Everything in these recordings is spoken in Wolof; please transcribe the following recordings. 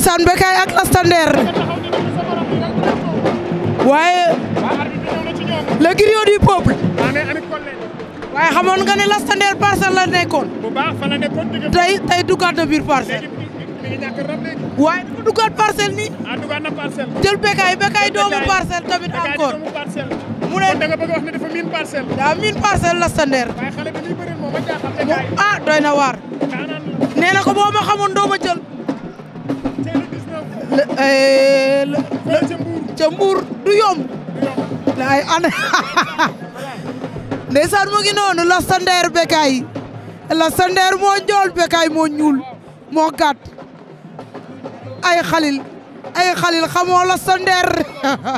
ndeysaan Bécaye ak Lac Standard waaye le griot du peuple waaye xamoon nga ne Lac Standard parcelle la nekkoon tey tey duggaat biir parcelle waaye dafa duggaat parcelle nii jël Bécaye Bécaye doomu parcelle tamit encore mu ne da nga bëgg wax ne dafa doy na waar nee ko boo ma xamoon jël Eh, ca Mbour du yomb ay an ndeysaan mu ngi noonu lasta ndeer bekaay lasta moo njool bekaay moo ñuul moo gàtt ay xalil ay xalil xamoo lasta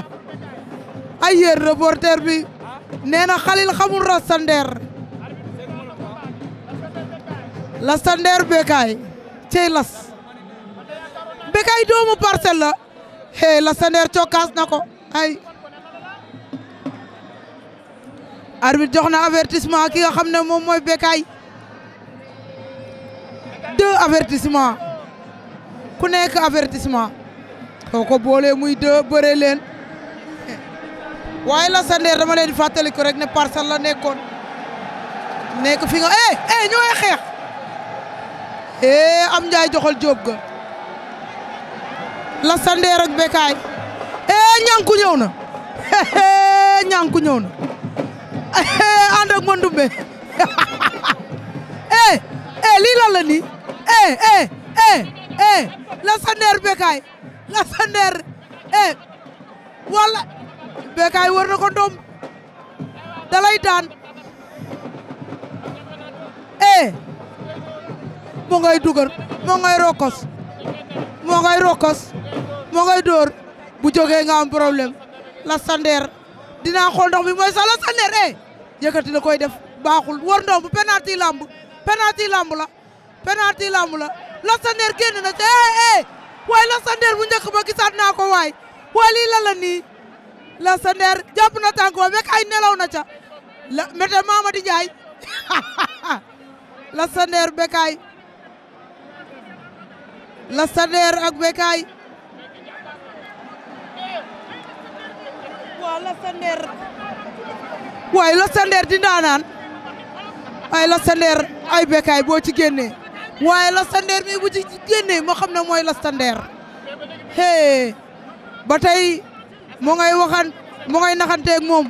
ay yéen reporter bi nee xalil xamul lasta ndeer lasta ndeer cey las fekk ay doomu parcelle la hey la Sander cokkaas na ko ay arbitre jox na avertissement ki nga xam ne moom mooy Bécaye deux avertissement ku nekk avertissement soo ko boole muy deux bëre leen waaye la Sander dama leen di fàttali rek ne parcelle la nekkoon nekk fi nga eh eh ñooy xeex eh am njaay joxal jóob ga la sandeer ak bekaay ee eh, ñanku na ñanku ñëw na eh, eh, ànd ak Mandumbe ee ee lii lan la nii ee bekaay la walla bekaay war na ko ndomb mo ngay dugal mo ngay rokos moo ngay rokkos moo ngay dóor bu nga am problème Lastander dinaa xool mi mooy sa Lastander eh yëkkati koy def baaxul war ndox bu penalty lamb penalty lamb la penalty lamb la Lastander génn na ca eh, eh eh waaye Lastander bu ba gisaat naa ko waay waaye lii lan la nii Lastander jàpp na tànk ba bekk ay nelaw na ca la mete Mamadi Ndiaye Lastander bekkaay Lastander ak Bécaye waa Lastander waay Lastander di ndaanaan ay Lastander ay Bécaye boo ci génnee waaye Lastander mi bu ci génnee moo xam ne mooy Lastander hee ba tey moo ngay waxan moo ngay naxanteeg moom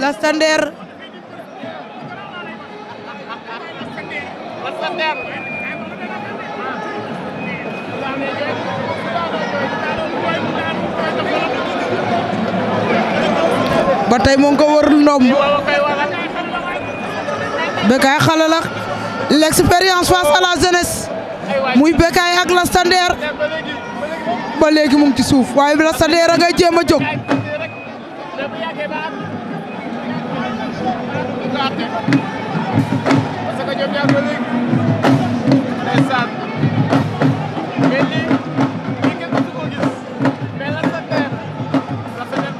Lastander ba tey mu ngi ko wër ndoom Bécaye xale la l'expérience face à la jeunesse muy Bécaye ak Lac Standère ba léegi mu ci suuf waaye Lac Standère a ngay jéem a jóg ñoom ñaar ko gis mais Lastander Lastander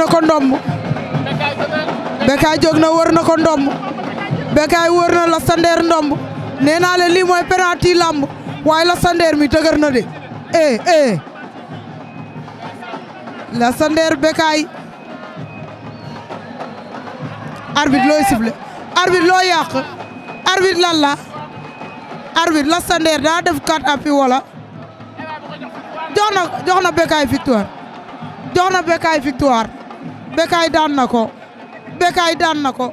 na ko ndomb Bécaye jóg na wër ko ndomb Bécaye wër na Lastander ndomb nee naa leen lii waaye Lastander mi dëgër na de eh eh Lastander Bécaye arbitre looy sifflé arbitre loo yàq arbitre lan la arbitre la standard daa def quatre appuis wala jox na jox na jox na Bécaye victoire Bécaye daan na ko Bécaye daan na ko